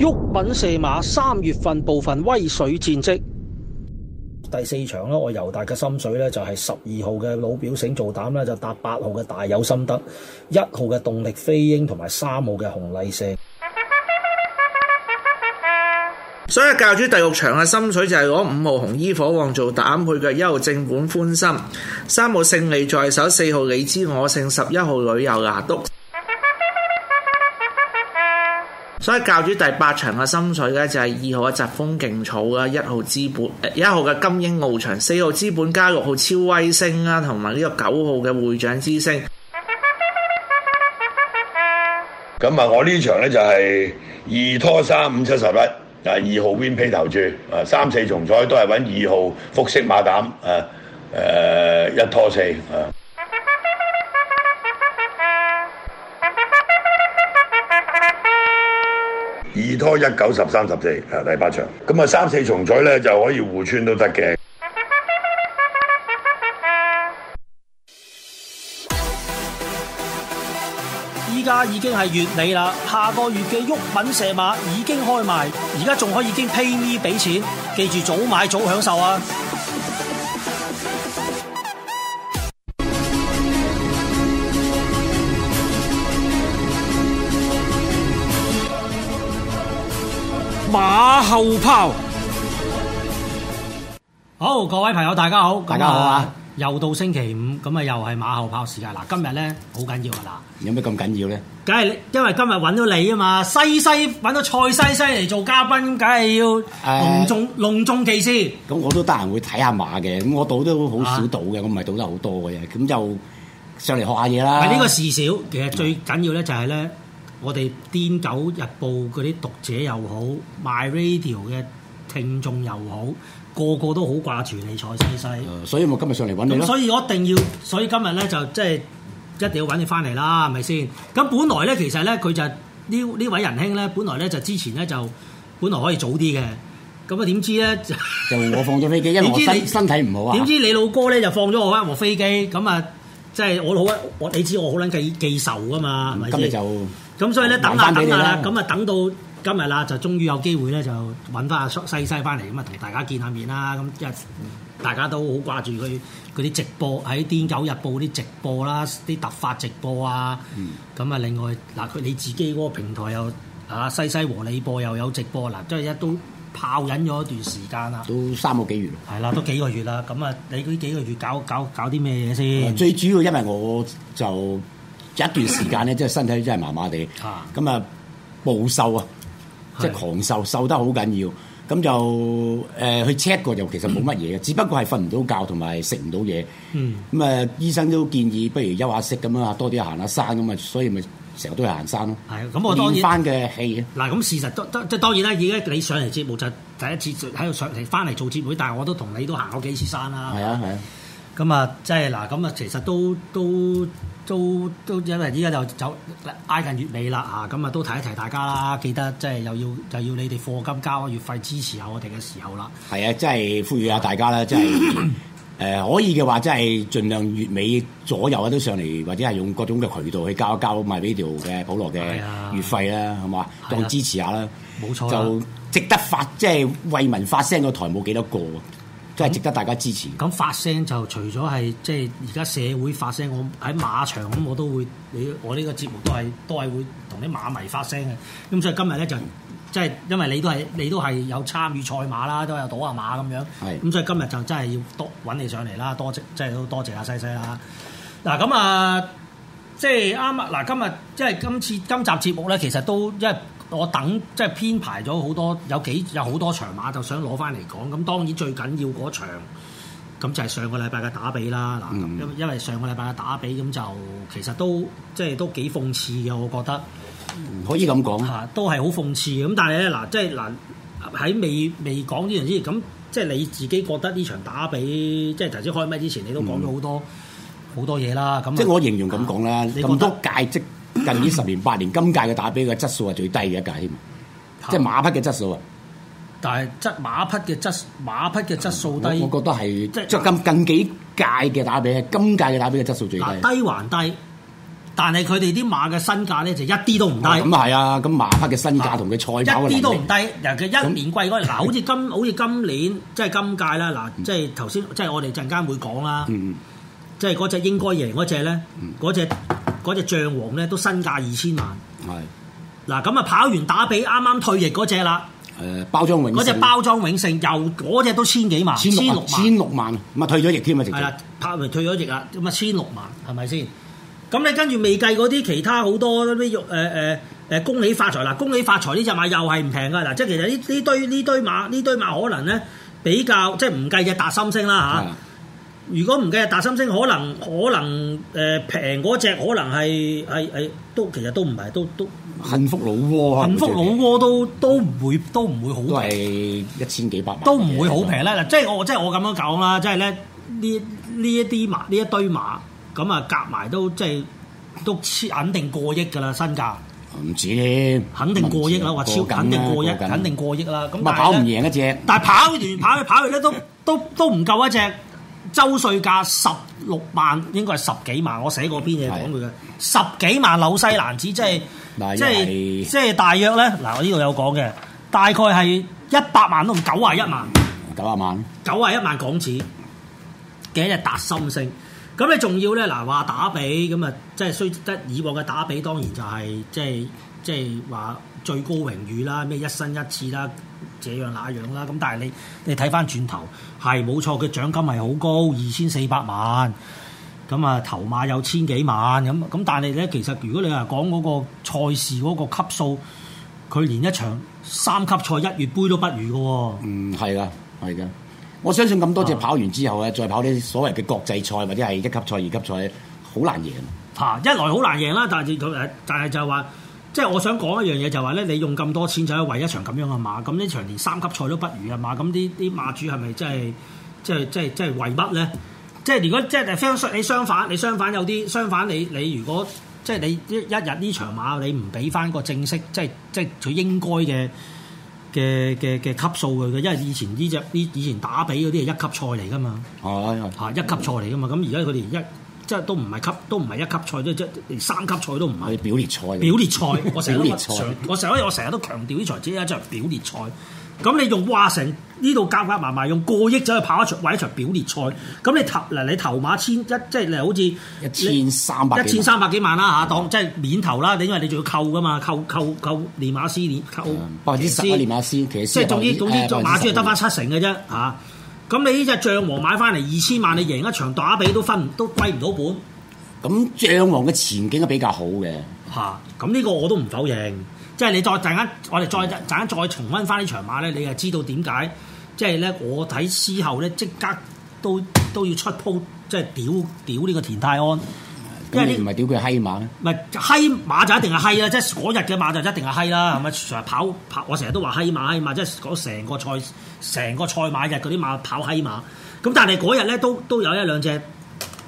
沃品射馬三月份部分威水戰績，第四場啦，我尤達嘅心水咧就係十二號嘅老表醒做膽咧，就搭八號嘅大有心得，一號嘅動力飛鷹同埋三號嘅紅麗射。所以教主第六場嘅心水就係攞五號紅衣火旺做膽，配嘅一號正本歡心，三號勝利在手，四號你知我勝，十一號旅遊牙督。所以教主第八場嘅心水咧就係二號嘅疾風勁草啊，一號資本，一號嘅金鷹傲翔，四號資本加六號超威星啊，同埋呢個九號嘅會長之星。咁啊，我呢場咧就係二拖三五七十一，啊二號 Win P 投注，啊三四重彩都係揾二號復式馬膽，啊、呃、誒一拖四啊。呃二拖一九十三十四，啊第八場，咁啊三四重彩咧就可以互穿都得嘅。依家已經係月尾啦，下個月嘅玉品射馬已經開賣，而家仲可以經 pay me 俾錢，記住早買早享受啊！後炮，好，各位朋友，大家好，大家好啊！又到星期五，咁啊，又係馬後炮時間。嗱，今日咧好緊要噶嗱，有咩咁緊要咧？梗係因為今日揾到你啊嘛，西西揾到蔡西西嚟做嘉賓，梗係要隆重、呃、隆重其事。咁我都得閒會睇下馬嘅，咁我賭都好少賭嘅，我唔係賭得好多嘅啫。咁就上嚟學下嘢啦。係呢個時少，其實最緊要咧就係咧。嗯我哋《癲狗日報》嗰啲讀者又好，MyRadio 嘅聽眾又好，個個都好掛住你蔡西西、嗯，所以我今日上嚟揾你咯。所以我一定要，所以今日咧就即係、就是、一定要揾你翻嚟啦，係咪先？咁本來咧，其實咧佢就呢呢位仁兄咧，本來咧就之前咧就，本來，就本來可以早啲嘅，咁啊點知咧就我放咗飛機， 因為我身身體唔好啊。點知你老哥咧就放咗我翻我飛機，咁啊即係我老，我你知我好撚記記仇㗎嘛？咁你就。咁所以咧等下、啊、等下、啊、啦，咁啊等到今日啦，就終於有機會咧就揾翻阿西西翻嚟，咁啊同大家見下面啦，咁一大家都好掛住佢嗰啲直播喺《癲狗日報》啲直播啦，啲突發直播啊，咁啊、嗯、另外嗱佢你自己嗰個平台又啊西西和你播又有直播，嗱即係一都泡緊咗一段時間啦，都三個幾月，係啦，都幾個月啦，咁啊你嗰幾個月搞搞搞啲咩嘢先？最主要因為我就。有一段時間咧，即係身體真係麻麻地，咁啊暴瘦啊，即係是的 狂瘦，瘦得好緊要。咁就誒、呃、去 check 過，就其實冇乜嘢嘅，嗯、只不過係瞓唔到覺同埋食唔到嘢。咁啊，醫生都建議不如休下息咁啊，多啲行下山咁啊，所以咪成日都係行山咯。係啊，咁我當然翻嘅氣。嗱，咁事實都即係當然啦。而家你上嚟節目就第一次喺度上嚟翻嚟做節目，但係我都同你都行過幾次山啦。係啊，係啊。的咁啊，即係嗱，咁啊，其實都都都都因為依家就走挨近月尾啦吓，咁啊都提一提大家啦，記得即係又要就要你哋課金交個月費支持下我哋嘅時候啦。係啊，即係呼籲下大家啦，即係誒可以嘅話，即係盡量月尾左右啊都上嚟，或者係用各種嘅渠道去交一交埋呢條嘅 Patreon 嘅月費啦，係嘛、啊，當支持下啦。冇錯啊，就值得發即係為民發聲個台冇幾多個。真係值得大家支持、嗯。咁發聲就除咗係即係而家社會發聲，我喺馬場咁我都會，你我呢個節目都係都係會同啲馬迷發聲嘅。咁、嗯、所以今日咧就即係因為你都係你都係有參與賽馬啦，都有賭下馬咁樣。係是的、嗯。咁所以今日就真係要多揾你上嚟啦，多謝即係都多謝阿西西啦。嗱、啊、咁啊，即係啱啊！嗱，今日即係今次今集節目咧，其實都即係。因為我等即係編排咗好多有幾有好多場馬就想攞翻嚟講，咁當然最緊要嗰場，咁就係上個禮拜嘅打比啦。嗱、嗯，因因為上個禮拜嘅打比，咁就其實都即係都幾諷刺嘅，我覺得唔可以咁講、啊，都係好諷刺嘅。咁但係咧嗱，即係嗱喺未未講呢場之前，咁即係你自己覺得呢場打比，即係頭先開咩之前，你都講咗好多好、嗯、多嘢啦。咁即係我形容咁講啦，你咁多界職。近呢十年八年，今屆嘅打比嘅質素係最低嘅一屆，添，即係馬匹嘅質素啊！但係質馬匹嘅質馬匹嘅質素低，我覺得係即係近近幾屆嘅打比，今屆嘅打比嘅質素最低，低還低，但係佢哋啲馬嘅身價咧就一啲都唔低。咁啊係啊，咁馬匹嘅身價同佢賽跑一啲都唔低。嗱，佢一年貴嗰，嗱，好似今好似今年即係今屆啦，嗱，即係頭先即係我哋陣間會講啦。即係嗰隻應該贏嗰隻咧，嗰隻嗰隻象王咧都身價二千萬。係嗱咁啊，跑完打俾啱啱退役嗰隻啦。誒、呃、包裝永嗰隻包裝永盛又嗰隻都千幾萬，千六萬。千六萬咁啊，退咗役添啊，直係啦，拍完退咗役啦，咁啊，千六萬係咪先？咁你跟住未計嗰啲其他好多啲肉誒誒誒，恭、呃呃、喜發財嗱，恭喜發財呢隻馬又係唔平噶嗱，即係其實呢呢堆呢堆馬呢堆馬可能咧比較即係唔計隻達心星啦嚇。的的如果唔計大三星，可能可能誒平嗰隻可能係係係都其實都唔係，都都幸福老窩，幸福老窩都都唔會都唔會好平，一千幾百萬都唔會好平咧。嗱，即係我即係我咁樣講啦，即係咧呢呢一啲馬呢一堆馬咁啊，夾埋都即係都超肯定過億㗎啦，身價唔止，肯定過億啦，話超肯定過億，肯定過億啦咁，但係跑唔贏一隻，但係跑完跑去跑去咧都都都唔夠一隻。周稅價十六萬，應該係十幾萬。我寫過篇嘢講佢嘅，的十幾萬紐西蘭紙，即係即係即係大約咧。嗱，我呢度有講嘅，大概係一百萬同九啊一萬，九啊萬，九啊一萬港紙，幾日達心聲？咁你仲要咧？嗱，話打比咁啊，即係雖則以往嘅打比，打比當然就係、是、即係即係話。最高榮譽啦，咩一生一次啦，這樣那樣啦，咁但係你你睇翻轉頭係冇錯，佢獎金係好高，二千四百萬，咁啊頭馬有千幾萬，咁咁但係咧，其實如果你話講嗰個賽事嗰個級數，佢連一場三級賽一月杯都不如嘅喎。嗯，係啊，係㗎。我相信咁多隻跑完之後咧，啊、再跑啲所謂嘅國際賽或者係一級賽、二級賽，好難贏。嚇、啊！一來好難贏啦，但係佢但係就係話。即係我想講一樣嘢就係話咧，你用咁多錢就係為一場咁樣嘅馬，咁呢場連三級賽都不如呀嘛。咁呢啲馬主係咪真係即係即係即係為乜咧？即係如果即係你相反，你相反有啲相反你，你你如果即係你一日呢場馬你唔俾翻個正式，即係即係佢應該嘅嘅嘅嘅級數佢嘅，因為以前呢隻呢以前打比嗰啲係一級賽嚟噶嘛，係、啊啊啊啊、一級賽嚟噶嘛，咁而家佢哋一。即係都唔係級，都唔係一級賽，即係即係連三級賽都唔係表列賽。表列賽，我成日都上，我成日，我成日都強調呢場咧，就係表列賽。咁你用話成呢度夾夾埋埋用過億走去跑一場，為一場表列賽。咁你頭嗱，你頭馬千一，即係你好似一千三百一千三百幾萬啦嚇，當即係免頭啦。你因為你仲要扣噶嘛，扣扣扣練馬師練扣百分之十嘅練馬師，即係總之總之馬主得翻七成嘅啫嚇。咁你呢隻象王買翻嚟二千萬，你贏一場打比都分都歸唔到本。咁象王嘅前景係比較好嘅。嚇、啊！咁呢個我都唔否認。即係你再陣間，我哋再陣間再重溫翻呢場馬咧，你就知道點解。即係咧，我睇之後咧，即刻都都要出鋪，即係屌屌呢個田泰安。因為你唔係屌佢閪馬咩？唔係閪馬就一定係閪啦，即係嗰日嘅馬就一定係閪啦，係咪？成日跑跑，我成日都話閪馬閪馬，即係成個賽成個賽馬日嗰啲馬跑閪馬。咁但係嗰日咧都都有一兩隻，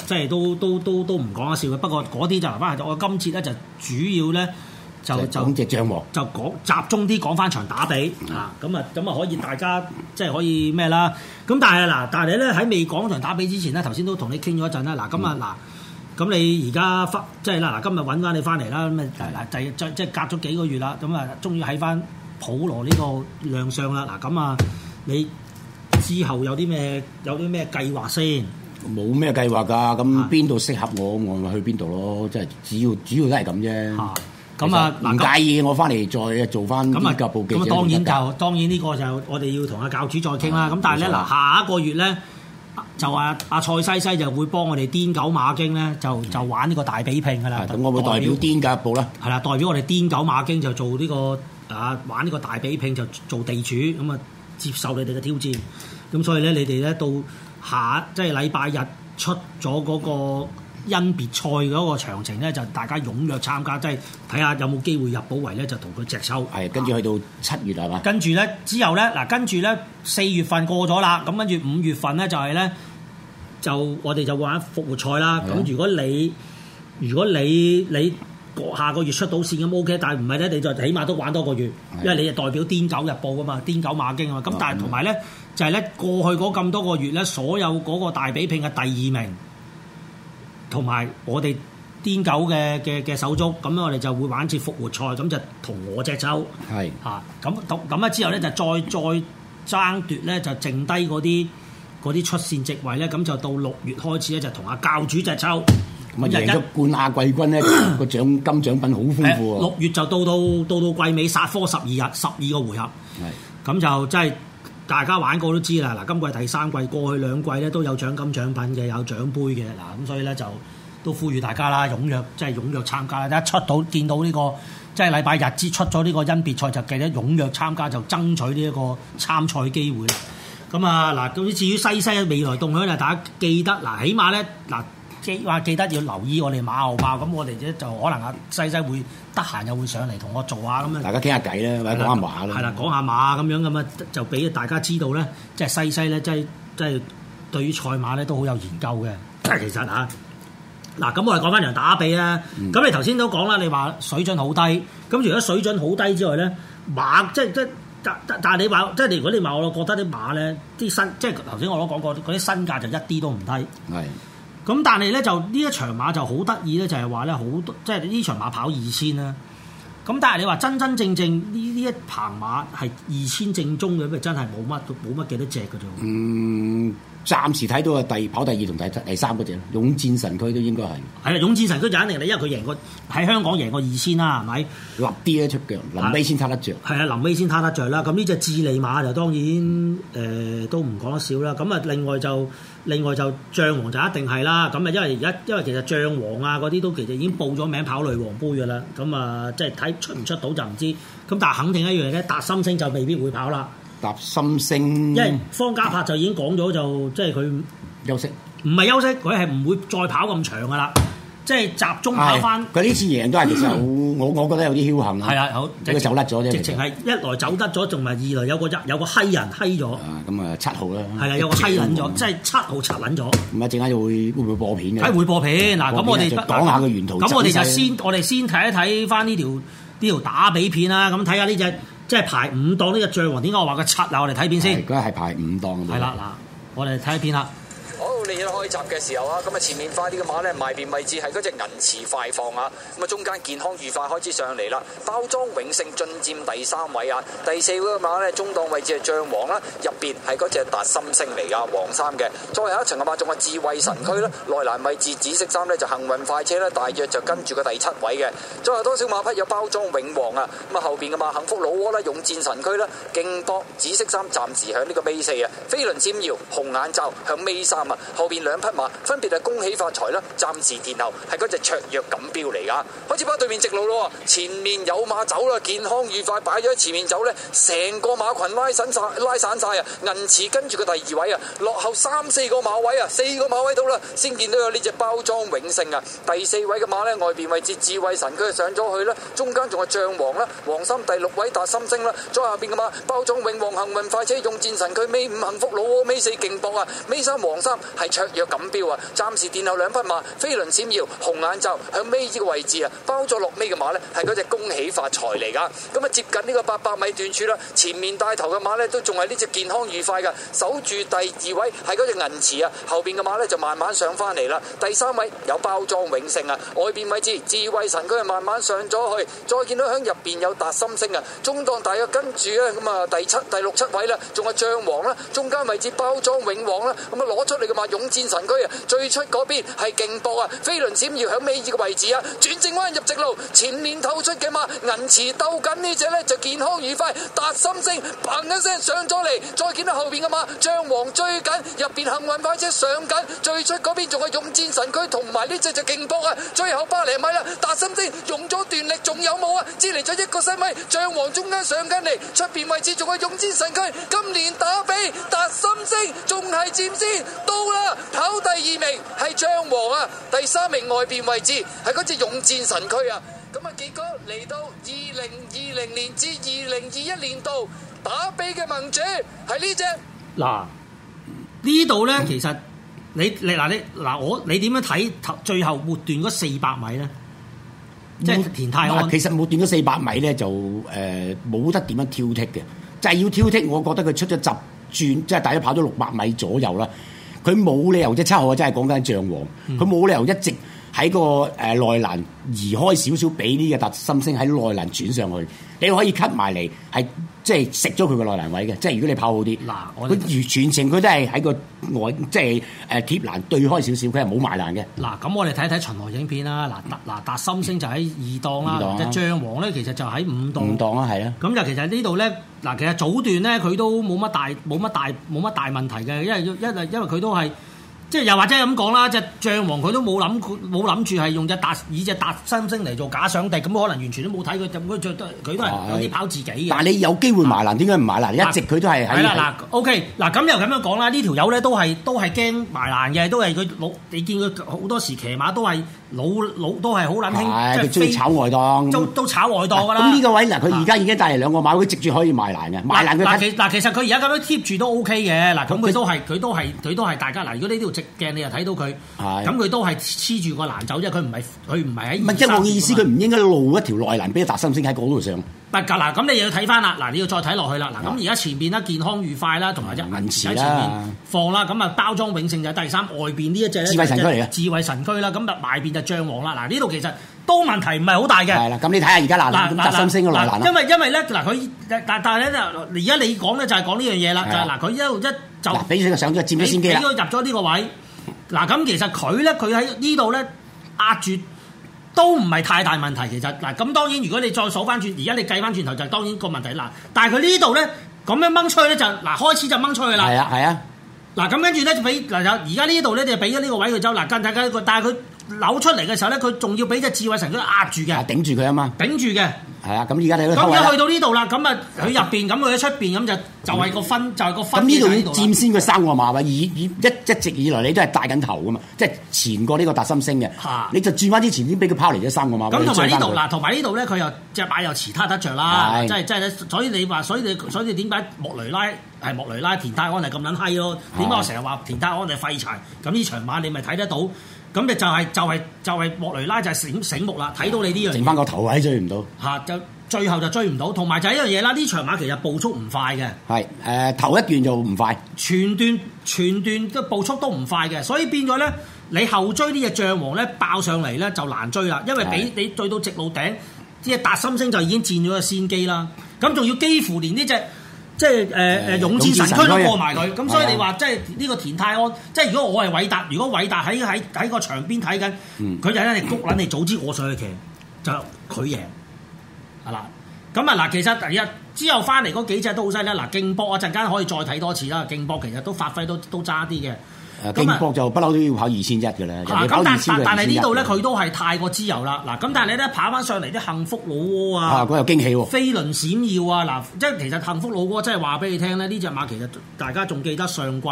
即係都都都都唔講得笑嘅不過嗰啲就翻、是、係我今次咧就主要咧就是、就只帳幕就講集中啲講翻場打比啊！咁啊咁啊可以大家即係、就是、可以咩啦？咁但係嗱，但係你咧喺未講場打比之前咧，頭先都同你傾咗一陣啦。嗱、啊，今日嗱。啊啊啊啊咁你而家翻即係啦，嗱今日揾翻你翻嚟啦，咁啊嗱就係即係隔咗幾個月啦，咁啊終於喺翻普羅呢個亮相啦，嗱咁啊你之後有啲咩有啲咩計劃先？冇咩計劃㗎，咁邊度適合我，是的 我咪去邊度咯，即係主要主要都係咁啫。咁啊唔介意我翻嚟再做翻啲腳步記錄。咁啊當然就當然呢個就我哋要同阿教主再傾啦。咁的但係咧嗱，的下一個月咧。就話阿蔡西西就會幫我哋癲狗馬經咧，就就玩呢個大比拼噶啦。咁、嗯、表我會代表癲狗日報啦。係啦，代表我哋癲狗馬經就做呢、呢個啊玩呢個大比拼就做地主咁啊，就接受你哋嘅挑戰。咁所以咧，你哋咧到下即係禮拜日出咗嗰、嗰個。嗯因別賽嗰個詳情咧，就大家踴躍參加，即係睇下有冇機會入保圍咧，就同佢直收。係跟住去到七月係嘛？跟住咧之後咧，嗱跟住咧四月份過咗啦，咁跟住五月份咧就係咧，就我哋就玩復活賽啦。咁的如果你如果你你下個月出到線咁 OK，但係唔係咧？你就起碼都玩多個月，的因為你就代表癲狗日報啊嘛，癲狗馬經啊嘛。咁但係同埋咧就係咧，過去嗰咁多個月咧，所有嗰個大比拼嘅第二名。同埋我哋癲狗嘅嘅嘅手足，咁我哋就會玩次復活賽，咁就同我隻抽，係嚇咁咁啊，之後咧，就再再爭奪咧，就剩低嗰啲嗰啲出線席位咧，咁就到六月開始咧，就同阿教主隻抽，就一冠亞季軍咧，個獎金獎品好豐富。六月就到到到到季尾殺科十二日十二個回合，係咁是就真係。大家玩過都知啦，嗱，今季第三季，過去兩季咧都有獎金獎品嘅，有獎杯嘅，嗱咁所以咧就都呼籲大家啦，踴躍即係踴躍參加啦，一出到見到呢個即係禮拜日之出咗呢個甄別賽，就記得踴躍參加，就爭取呢一個參賽機會啦。咁啊嗱，咁至於西西嘅未來動向啊，大家記得嗱，起碼咧嗱。即係話記得要留意我哋馬後砲，咁我哋就可能阿西西會得閒又會上嚟同我做下咁樣。大家傾下偈咧，係，或者講下馬咯。係啦，講下馬咁樣咁啊，就俾大家知道咧，即係西西咧，即係即係對於賽馬咧都好有研究嘅。即係其實吓，嗱，咁我係講翻場打比啊。咁、嗯、你頭先都講啦，你話水準好低。咁如果水準好低之外咧，馬即係即但但係你話即係如果你話我覺得啲馬咧啲身即係頭先我都講過嗰啲身價就一啲都唔低。係。咁但係咧就呢一場馬就好得意咧，就係話咧好多即係呢場馬跑二千啦。咁但係你話真真正正呢呢一棚馬係二千正宗嘅，咁真係冇乜冇乜幾多隻㗎啫。嗯。暫時睇到啊，第跑第二同第第三嗰隻咯，勇戰神區都應該係。係啊，勇戰神區就一定啦，因為佢贏過喺香港贏過二千啦，係咪？臨啲一出腳，臨尾先攤得着。係啊，臨尾先攤得着啦。咁呢隻智利馬就當然誒、嗯呃、都唔講得少啦。咁啊，另外就另外就象王就一定係啦。咁啊，因為而家因為其實象王啊嗰啲都其實已經報咗名跑女皇杯噶啦。咁啊，即係睇出唔出到就唔知。咁但係肯定一樣咧，達心星，星就未必會跑啦。踏心聲，因為方嘉柏就已經講咗，就即係佢休息，唔係休息，佢係唔會再跑咁長噶啦，即係集中跑翻。佢呢次贏都係其實，我我覺得有啲僥倖啦。係啊，好，只係走甩咗啫。直情係一來走得咗，仲埋二來有個有個閪人閪咗。咁啊七號啦。係啊，有個閪撚咗，即係七號七撚咗。唔咁啊，陣間會會唔會播片嘅？誒，會播片嗱，咁我哋講下個沿途。咁我哋就先，我哋先睇一睇翻呢條呢條打比片啦，咁睇下呢隻。即係排五檔呢個最黃，點解我話佢七嗱？我哋睇片先。嗰個係排五檔。係啦，嗱，我哋睇片啦。你要開閘嘅時候啊，咁啊前面快啲嘅馬呢？埋邊位置係嗰隻銀池快放啊，咁啊中間健康愉快開始上嚟啦，包裝永勝進佔第三位啊，第四位嘅馬呢？中檔位置係象王啦，入邊係嗰隻達心星嚟啊。黃衫嘅，再下一層嘅馬仲有智慧神駒啦，內欄位置紫色衫呢，就幸運快車啦，大約就跟住個第七位嘅，再下多少馬匹有包裝永王啊，咁啊後邊嘅馬幸福老窩啦，勇戰神駒啦，勁多紫色衫暫時響呢個尾四啊，飛輪尖耀紅眼罩向尾三啊。後邊兩匹馬分別係恭喜發財啦，暫時殿後係嗰隻卓越錦標嚟噶，開始扒對面直路咯，前面有馬走啦，健康愉快擺咗喺前面走呢，成個馬群拉散晒，拉散晒啊！銀池跟住個第二位啊，落後三四個馬位啊，四個馬位到啦，先見到有呢隻包裝永盛啊，第四位嘅馬呢，外邊位置智慧神佢上咗去啦，中間仲係象王啦，黃心第六位達心星啦，再下邊嘅馬包裝永旺幸運快車用戰神佢尾五幸福老窩，尾四勁搏啊，尾三黃三卓躍錦標啊，暫時殿後兩匹馬飛輪閃耀，紅眼罩向尾呢個位置啊，包咗落尾嘅馬呢，係嗰隻恭喜發財嚟噶。咁啊，接近呢個八百米段處啦，前面帶頭嘅馬呢，都仲係呢隻健康愉快噶，守住第二位係嗰隻銀池啊，後邊嘅馬呢，就慢慢上翻嚟啦。第三位有包裝永盛啊，外邊位置智慧神佢係慢慢上咗去，再見到響入邊有達心星啊，中檔大約，跟住啊，咁啊，第七、第六七位啦，仲有將王啦，中間位置包裝永王啦，咁啊攞出嚟嘅馬。勇戰神駒啊，最出嗰邊係勁搏啊，飛輪閃耀響尾二嘅位置啊，轉正彎入直路，前面透出嘅馬銀池鬥緊呢隻呢，就健康愉快，達心星，砰一聲上咗嚟，再見到後邊嘅馬仗王追緊，入邊幸運快車上緊，最出嗰邊仲係勇戰神駒同埋呢隻就勁搏啊，最後百零米啦，達心星，用咗斷力，仲有冇啊？支離咗一個身位，仗王中間上緊嚟，出邊位置仲係勇戰神駒，今年打比達心星，仲係佔先，到啦。跑第二名係張王啊，第三名外邊位置係嗰隻勇戰神駒啊。咁啊，結果嚟到二零二零年至二零二一年度打比嘅盟主係呢隻。嗱，呢度咧，其實你你嗱你嗱我你點樣睇頭最後末段嗰四百米咧？即係田太。其實末段嗰四百米咧，就誒冇、呃、得點樣挑剔嘅，就係、是、要挑剔，我覺得佢出咗集轉，即、就、係、是、大約跑咗六百米左右啦。佢冇理由一抽，七號我真係講緊象王，佢冇理由一直。喺個誒內欄移開少少，俾呢個達心星喺內欄轉上去，你可以 cut 埋嚟，係即係食咗佢個內欄位嘅。即係如果你跑好啲，嗱，佢全全程佢都係喺個外，即係誒貼欄對開少少，佢係冇埋欄嘅。嗱，咁我哋睇睇巡邏影片啦。嗱，達嗱達心星就喺二檔啦，即係張王咧，其實就喺五檔。五檔啊，係啦。咁就其實呢度咧，嗱，其實早段咧，佢都冇乜大，冇乜大，冇乜大問題嘅，因為一係因為佢都係。即係又或者係咁講啦，隻象王佢都冇諗冇諗住係用隻達以隻達新星嚟做假想敵，咁可能完全都冇睇佢，就佢著得佢都係有啲跑自己嘅。但係你有機會埋欄，點解唔埋欄？一直佢都係喺。係啦的，嗱，OK，嗱咁又咁樣講啦，呢條友咧都係都係驚埋欄嘅，都係佢冇。你見佢好多時騎馬都係。老老都係好撚興，即係的飛都都炒外檔噶啦。咁呢個位嗱，佢而家已經帶嚟兩個馬，佢是的 直住可以賣欄嘅，賣欄佢。嗱其嗱其實佢而家咁樣貼住都 OK 嘅。嗱，咁佢都係佢都係佢都係大家嗱。如果呢條直鏡你又睇到佢，咁佢是的 都係黐住個欄走，啫。佢唔係佢唔係。唔係即係我嘅意思，佢唔應該露一條內欄俾一沓新星喺嗰度上。嗱，咁、啊、你又要睇翻啦，嗱、啊、你要再睇落去啦，嗱咁而家前邊咧健康愉快池啦，同埋隻銀前面放啦，咁啊包裝永盛就係第三，外邊呢一隻智慧神區嚟嘅，智慧神區啦，咁啊埋邊就象王啦，嗱呢度其實都問題唔係好大嘅。係啦，咁你睇下而家嗱嗱嗱，因為因為咧嗱佢但但係咧而家你講咧的、啊、就係講呢樣嘢啦，就係嗱佢一路一就俾佢上咗佔咗先機，俾佢入咗呢個位，嗱、啊、咁其實佢咧佢喺呢度咧壓住。都唔係太大問題，其實嗱，咁當然如果你再數翻轉，而家你計翻轉頭就係、當然個問題喇，但係佢呢度咧咁樣掹出去咧就嗱開始就掹出去啦，係啊係啊，嗱咁跟住咧就俾嗱有而家呢度咧就俾咗呢個位佢走，嗱跟大家一個，但係佢扭出嚟嘅時候咧，佢仲要俾隻智慧神經壓住嘅，頂住佢啊嘛，頂住嘅。係啊，咁而家你都咁一去到呢度啦，咁啊佢入邊咁佢喺出邊咁就就係個分就係個分喺度。咁呢度佔先個三個馬位，以以一一直以來你都係帶緊頭噶嘛，即係前過呢個達心星嘅，你就轉翻之前已經俾佢拋嚟咗三個馬位。咁同埋呢度嗱，同埋呢度咧，佢又即係擺有其他得着啦，即係即係咧，所以你話，所以你所以點解莫雷拉係莫雷拉，田泰安係咁撚閪咯？點解我成日話田泰安係廢柴？咁呢場馬你咪睇得到。咁就係、就係、係、就係就係莫雷拉就係醒醒目啦，睇到你呢樣剩翻個頭位追唔到。嚇！就最後就追唔到，同埋就係一樣嘢啦。呢場馬其實步速唔快嘅。係誒、呃、頭一段就唔快全，全段全段嘅步速都唔快嘅，所以變咗咧，你後追啲嘢象王咧爆上嚟咧就難追啦，因為俾是的 你追到直路頂，啲嘢達心星就已經佔咗個先機啦。咁仲要幾乎連呢隻。即係誒誒勇戰神區都過埋佢，咁、嗯、所以你話、嗯、即係呢個田太安，即係如果我係偉達，如果偉達喺喺喺個場邊睇緊，佢就喺你谷撚你早知我上去騎、嗯、就佢贏，係啦。咁啊嗱，其實第一之後翻嚟嗰幾隻都好犀利，嗱勁波，一陣間可以再睇多次啦。勁波其實都發揮都都差啲嘅。誒，英國就不嬲都要跑二千一嘅咧。嗱但，咁 2, 但 2, 1, 但係呢度咧，佢都係太過自由啦。嗱、嗯，咁但係咧，跑翻上嚟啲幸福老窩啊，啊、哦、啊，啊，嗰又驚喜喎，飛輪閃耀啊，嗱，即係其實幸福老窩、啊，即係話俾你聽咧，呢隻馬其實大家仲記得上季，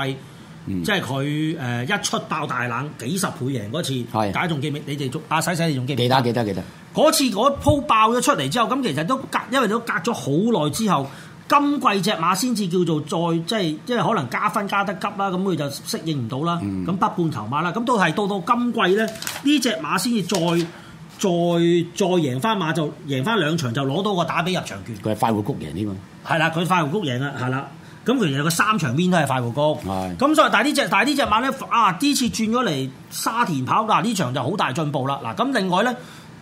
嗯、即係佢誒一出爆大冷幾十倍贏嗰次，係大家仲記唔記你哋仲阿使使，你仲記，記，記得？記得記得記得。嗰次嗰鋪爆咗出嚟之後，咁其實都隔，因為都隔咗好耐之後。今季隻馬先至叫做再即係，即係可能加分加得急啦，咁佢就適應唔到啦。咁、嗯、北半球馬啦，咁都係到到今季咧，呢隻馬先至再再再贏翻馬就贏翻兩場就攞到個打比入場券。佢係快活谷贏添啊！係啦，佢快活谷贏啦，係啦。咁其實個三場贏都係快活谷。係是的。咁所以但係呢隻但係呢隻馬咧啊，呢次轉咗嚟沙田跑嗱，呢、啊、場就好大進步啦。嗱、啊、咁、啊、另外咧。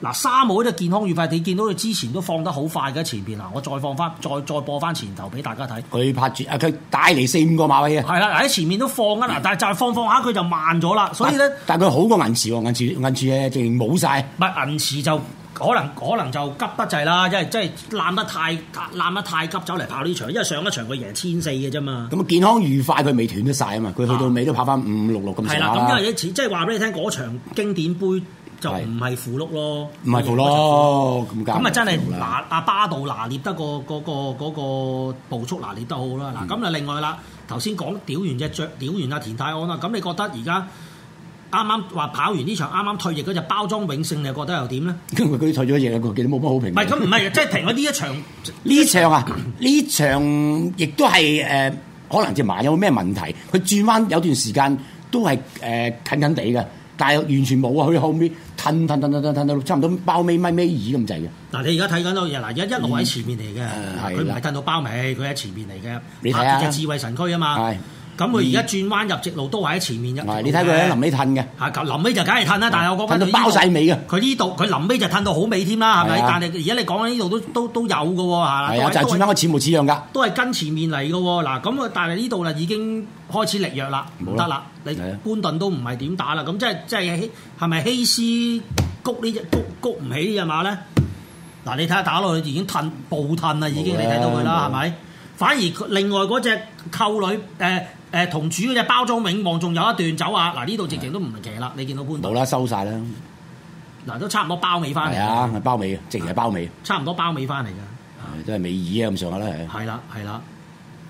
嗱，沙母呢隻健康愉快，你見到佢之前都放得好快嘅前邊嗱，我再放翻，再再播翻前頭俾大家睇。佢拍住啊，佢帶嚟四五個馬位啊。係啦，喺前面都放啊的，但係就係放放下佢就慢咗啦，所以咧。但係佢好過銀池喎，銀池，銀池正仲冇晒。唔係銀池就，銀池就可能可能就急得滯啦，因為即係攬得太攬得太急走嚟拍呢場，因為上一場佢贏千四嘅啫嘛。咁啊，健康愉快佢未斷得晒啊嘛，佢去到尾都跑翻五五六六咁上下。係啦，咁因為一始即係話俾你聽嗰場經典杯。就唔係符碌咯，唔係符咯，咁咁啊真係拿阿巴杜拿捏得個嗰個，個，個步速嗱捏得好啦。嗱，咁啊另外啦，頭先講屌完隻雀，屌完阿田泰安啦，咁你覺得而家啱啱話跑完呢場啱啱退役嗰隻包裝永勝，你又覺得又點咧？因為佢退咗役，佢見到冇乜好評。唔係， 咁唔係，即係停咗呢一場，呢 場啊，呢 場亦都係誒，可能隻馬有咩問題，佢轉彎有段時間都係誒近近地嘅。但係完全冇啊！佢後面褪褪褪褪褪褪到差唔多包尾咪尾二咁滯嘅。嗱，你而家睇緊都嘢，嗱一一路喺前面嚟嘅，佢唔係褪到包尾，佢喺前面嚟嘅。你睇啊，智慧神區啊嘛。咁佢而家轉彎入直路都喺前面嘅，你睇佢喺臨尾褪嘅，嚇臨尾就梗係褪啦。但係我講緊褪到包曬尾嘅。佢呢度佢臨尾就褪到好尾添啦，係咪？但係而家你講緊呢度都都都有嘅喎，嚇。係，就係轉彎，我似模似樣㗎。都係跟前面嚟嘅喎，嗱咁啊，但係呢度啦已經開始力弱啦，冇得啦，你半頓都唔係點打啦，咁即係即係係咪希斯谷呢隻谷谷唔起嘅馬咧？嗱，你睇下打落去已經褪暴褪啦，已經你睇到佢啦，係咪？反而另外嗰隻扣女，誒誒同主嗰隻包裝永望，仲有一段走啊！嗱，呢度直情都唔係奇啦，你見到搬到啦，收晒啦！嗱，都差唔多包尾翻嚟啊！包尾啊，直情係包尾，差唔多包尾翻嚟噶，都係尾二啊咁上下啦，係。係啦，係啦。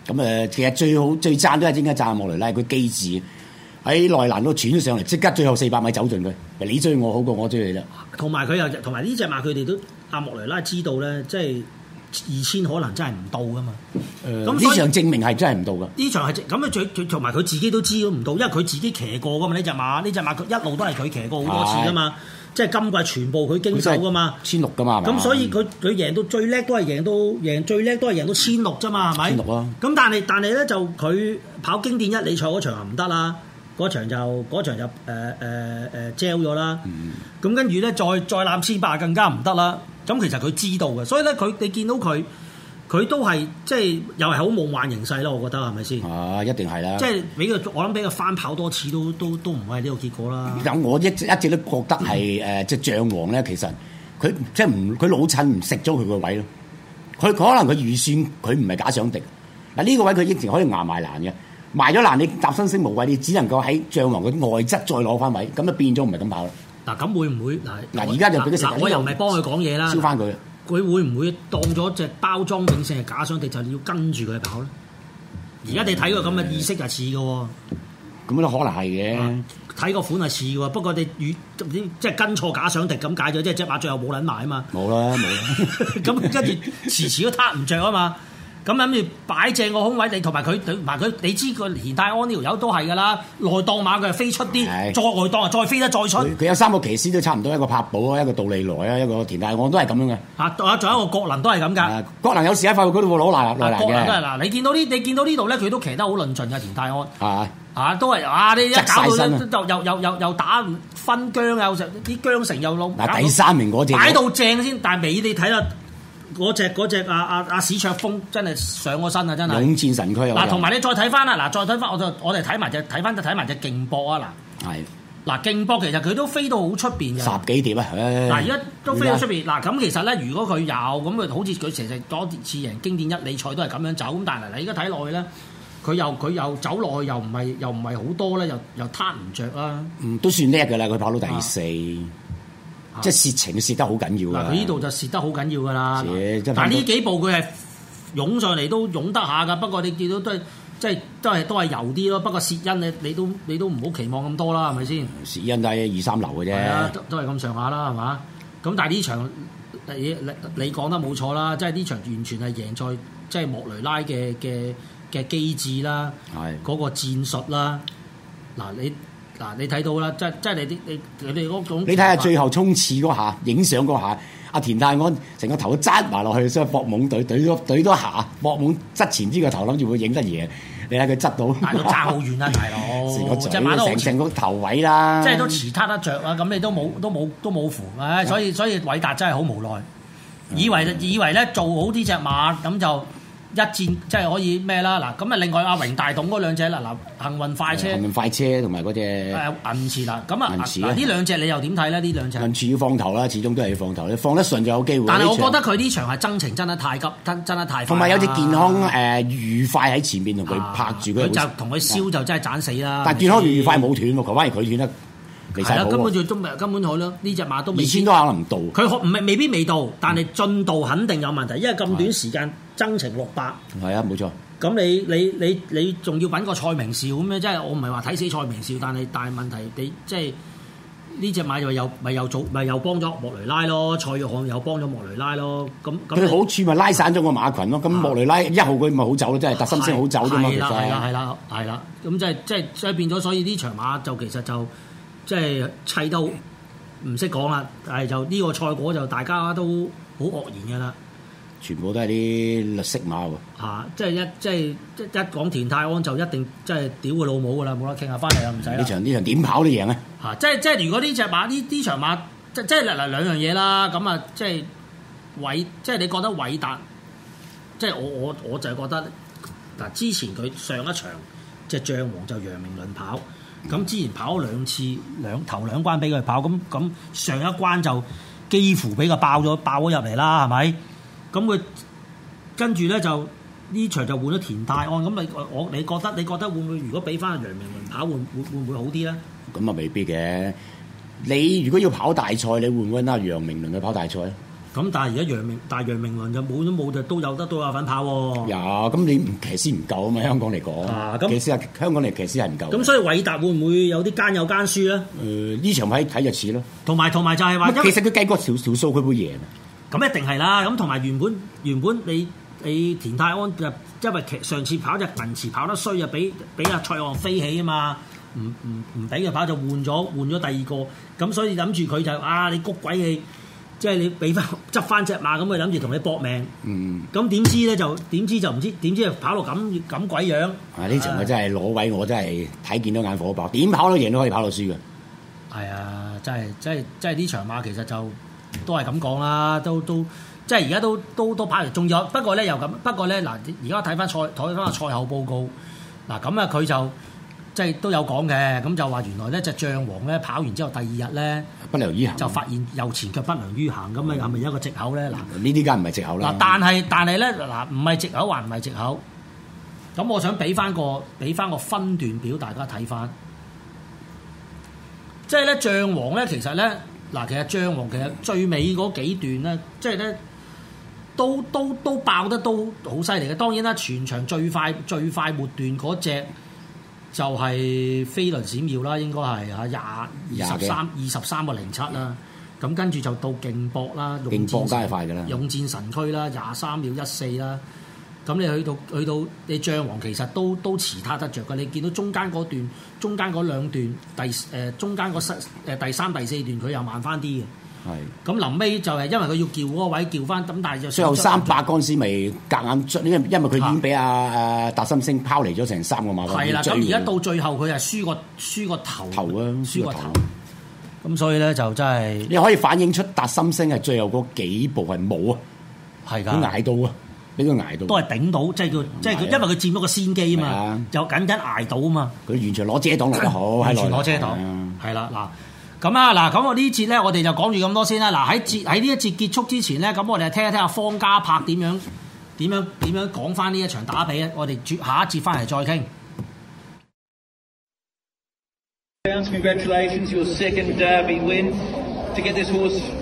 咁誒，其實最好最讚都係點解，讚莫雷拉佢機智喺內欄都竄咗上嚟，即刻最後四百米走進佢。你追我好過我追你啫。同埋佢又同埋呢隻馬，佢哋都阿莫雷拉知道咧，即係。二千可能真係唔到噶嘛？咁呢場證明係真係唔到噶。呢場係咁啊，最同埋佢自己都知唔到，因為佢自己騎過噶嘛呢隻馬，呢隻馬一路都係佢騎過好多次噶嘛。即係今季全部佢經手噶嘛。千六噶嘛？咁所以佢佢贏到最叻都係贏到贏最叻都係贏到千六啫嘛，係咪？千六咯。咁但係但係咧就佢跑經典一哩賽嗰場唔得啦，嗰場就嗰場就誒誒誒掉咗啦。咁跟住咧再再攬千八更加唔得啦。咁其實佢知道嘅，所以咧佢哋見到佢，佢都係即係又係好夢幻形勢咯，我覺得係咪先？啊，一定係啦即！即係俾佢我諗，俾佢翻跑多次都都都唔會係呢個結果啦。咁我一直一直都覺得係誒，即係、嗯呃、象王咧，其實佢即係唔佢老襯唔食咗佢個位咯。佢可能佢預算佢唔係假想敵嗱呢、這個位佢應前可以挨埋欄嘅，埋咗欄你搭新星無謂，你只能夠喺象王嘅外側再攞翻位，咁就變咗唔係咁跑啦。嗱咁會唔會嗱？嗱而家就俾我又唔係幫佢講嘢啦，燒翻佢。佢會唔會當咗隻包裝永盛係假想敵，就要跟住佢跑咧？而家你睇個咁嘅意識就似嘅喎。咁都、嗯、可能係嘅。睇個款係似喎，不過你與即係跟錯假想敵咁解咗，即係隻馬最後冇撚埋啊嘛。冇啦冇啦，咁 跟住遲遲都撻唔着啊嘛。咁諗住擺正個空位，你同埋佢，同埋佢，你知佢田泰安呢條友都係噶啦，內檔馬佢又飛出啲，唉再外檔啊，再飛得再出。佢有三個騎師都差唔多，一個柏寶啊，一個杜利萊啊，一個田泰安都係咁樣嘅。嚇，仲有一個郭能都係咁噶。郭能、嗯、有時喺快活谷都冇攞難難難嘅。郭能嗱，你見到呢？你見到呢度咧，佢都騎得好論盡嘅田泰安。啊啊，都係啊！你一搞到咧、啊，又又又又，又打分疆啊，又又又有時啲疆城又攞。嗱，第三名嗰隻擺到正先，但係你哋睇啊。嗰隻嗰隻阿阿阿史卓峰真係上咗身啊！真係勇戰神區啊！嗱，同埋你再睇翻啦，嗱、啊，再睇翻我就我哋睇埋隻睇翻睇埋隻勁波啊！嗱是，係嗱、啊、勁波其實佢都飛到好出邊嘅，十幾碟啊！嗱，而家都飛到出邊嗱，咁、嗯啊、其實咧，如果佢有咁，佢好似佢成日多次贏經典一哩賽都係咁樣走，咁但係嗱，而家睇落去咧，佢又佢又走落去又唔係又唔係好多咧，又又攤唔着，啦。都算叻嘅啦，佢跑到第四。即係泄情泄得好緊要㗎。佢呢度就泄得好緊要㗎啦。但係呢幾步佢係湧上嚟都湧得下㗎。不過你見到都係即係都係都係油啲咯。不過薛恩你你都你都唔好期望咁多啦，係咪先？薛恩都係二三流嘅啫。都都係咁上下啦，係嘛？咁但係呢場你你你講得冇錯啦，即係呢場完全係贏在即係莫雷拉嘅嘅嘅機智啦，嗰是的 個戰術啦。嗱、啊、你。嗱，你睇到啦，即係即係啲你你哋嗰種，你睇下最後衝刺嗰下，影相嗰下，阿田泰安成個頭都側埋落去，所以搏懵隊隊都隊都下，搏懵側前邊個頭諗住會影得嘢，你睇佢側到。嗱、啊，都爭好遠啦大佬，成個嘴個個頭位啦，即係都遲攤得着啦，咁你都冇都冇都冇符，唉，所以、嗯、所以所以韋達真係好無奈，嗯、以為以為咧做好呢隻馬咁就。一戰即係可以咩啦？嗱咁啊，另外阿榮大董嗰兩隻嗱嗱，幸運快車，幸運快車同埋嗰隻，誒銀馳啦，咁啊銀馳啦，呢兩隻你又點睇咧？呢兩隻銀馳要放頭啦，始終都係要放頭，你放得順就有機會。但係我覺得佢呢場係真情真得太急，真爭得太快。同埋有隻健康誒愉快喺前面同佢拍住佢，就同佢燒，就真係斬死啦。但健康愉快冇斷喎，佢反而佢斷得係啦，根本就今日根本好咯，呢隻馬都二千都可能到。佢唔未未必未到，但係進度肯定有問題，因為咁短時間。增程六百，係 啊，冇錯。咁你你你你仲要揾個蔡明紹咁咧？即係我唔係話睇死蔡明紹，但係但係問題你即係呢隻馬就又咪又做咪又幫咗莫雷拉咯，蔡約翰又幫咗莫雷拉咯。咁咁佢好處咪拉散咗個馬群咯。咁、啊啊、莫雷拉一號佢咪好走咯，即係是特心先好走啫嘛。其實係啦係啦係啦，咁即係即係所以變咗，所以呢場馬就其實就即係砌到唔識講啦。係就呢、是就是就是、個賽果就大家都好愕然嘅啦。 全部都係啲綠色馬喎、啊，即係一即係即一講田泰安就一定即係屌佢老母㗎啦，冇得傾下翻嚟啦，唔使啦。呢場呢場點跑都贏咧嚇！即係即係，如果呢隻馬呢場馬即即係嗱嗱兩樣嘢啦，咁啊即係偉即係你覺得偉達即係我我我就係覺得嗱、啊，之前佢上一場即係將王就楊明倫跑咁，之前跑咗兩次兩、嗯、頭兩關俾佢跑咁咁上一關就幾乎俾佢爆咗爆咗入嚟啦，係咪？咁佢跟住咧就呢場就換咗田泰安。咁你我你覺得你覺得會唔會如果俾翻阿楊明倫跑，會會會唔會好啲咧？咁啊未必嘅，你如果要跑大賽，你會唔會拉楊明倫去跑大賽咧？咁但係而家楊明但楊明倫就冇都冇就都有得到阿粉跑喎、啊。有咁你騎師唔夠啊嘛？香港嚟講，咁騎師香港嚟騎師係唔夠。咁所以韋達會唔會有啲間有間輸咧？誒呢場咪睇就似咯。同埋同埋就係話，其實佢計過少少數，佢會贏。呃有咁一定係啦，咁同埋原本原本你你田泰安就因為上次跑隻銀池跑得衰啊，俾俾阿蔡昂飛起啊嘛，唔唔唔俾佢跑就換咗換咗第二個，咁所以諗住佢就啊你谷鬼氣，即係你俾翻執翻隻馬咁啊諗住同你搏命，咁點知咧就點知就唔知點知啊跑到咁咁鬼樣啊，呢場我真係攞位，我真係睇見都眼火爆，點跑都贏都可以跑到輸嘅，係啊，真係真係真係呢場馬其實就。都係咁講啦，都都即係而家都都都跑完仲有，不過咧又咁，不過咧嗱，而家睇翻賽睇翻個賽後報告，嗱咁啊佢就即係都有講嘅，咁就話原來咧隻象王咧跑完之後第二日咧不良於行，就發現右前腳不良於行，咁啊係咪一個藉口咧？嗱、啊，呢啲梗係唔係藉口啦？嗱，但係但係咧嗱，唔係藉口還唔係藉口？咁我想俾翻個俾翻個分段表大家睇翻，即係咧象王咧其實咧。嗱，其實將皇其實最尾嗰幾段咧，即係咧都都都爆得都好犀利嘅。當然啦，全場最快最快末段嗰隻就係飛輪閃耀啦，應該係嚇廿二十三二十三個零七啦。咁跟住就到勁搏啦，勁搏梗係快㗎啦，勇戰神區啦，廿三秒一四啦。咁你去到去到你象王其實都都遲他得着嘅，你見到中間嗰段、中間嗰兩段、第誒中間個室第三、第四段佢又慢翻啲嘅。係的。咁臨尾就係因為佢要叫嗰個位叫翻，咁但係就最後三百官司咪夾硬出？因因為佢已經俾阿阿達心星拋離咗成三個馬位。係啦的，咁而家到最後佢係輸個輸個頭頭啊，輸個頭。咁所以咧就真係你可以反映出達心星係最後嗰幾步係冇啊，係㗎的，都捱到啊！俾佢捱到，都係頂到，即係叫，即係佢，因為佢佔咗個先機啊嘛，啊就緊緊捱到啊嘛。佢完全攞遮擋落去，好，完全攞遮擋，係啦，嗱，咁啊，嗱、啊，咁我、啊、呢節咧，我哋就講住咁多先啦。嗱，喺節喺呢一節結束之前咧，咁我哋聽一聽阿方家柏點樣點樣點樣講翻呢一場打比咧。我哋下一節翻嚟再傾。Congratulations, your second Derby win to get this horse.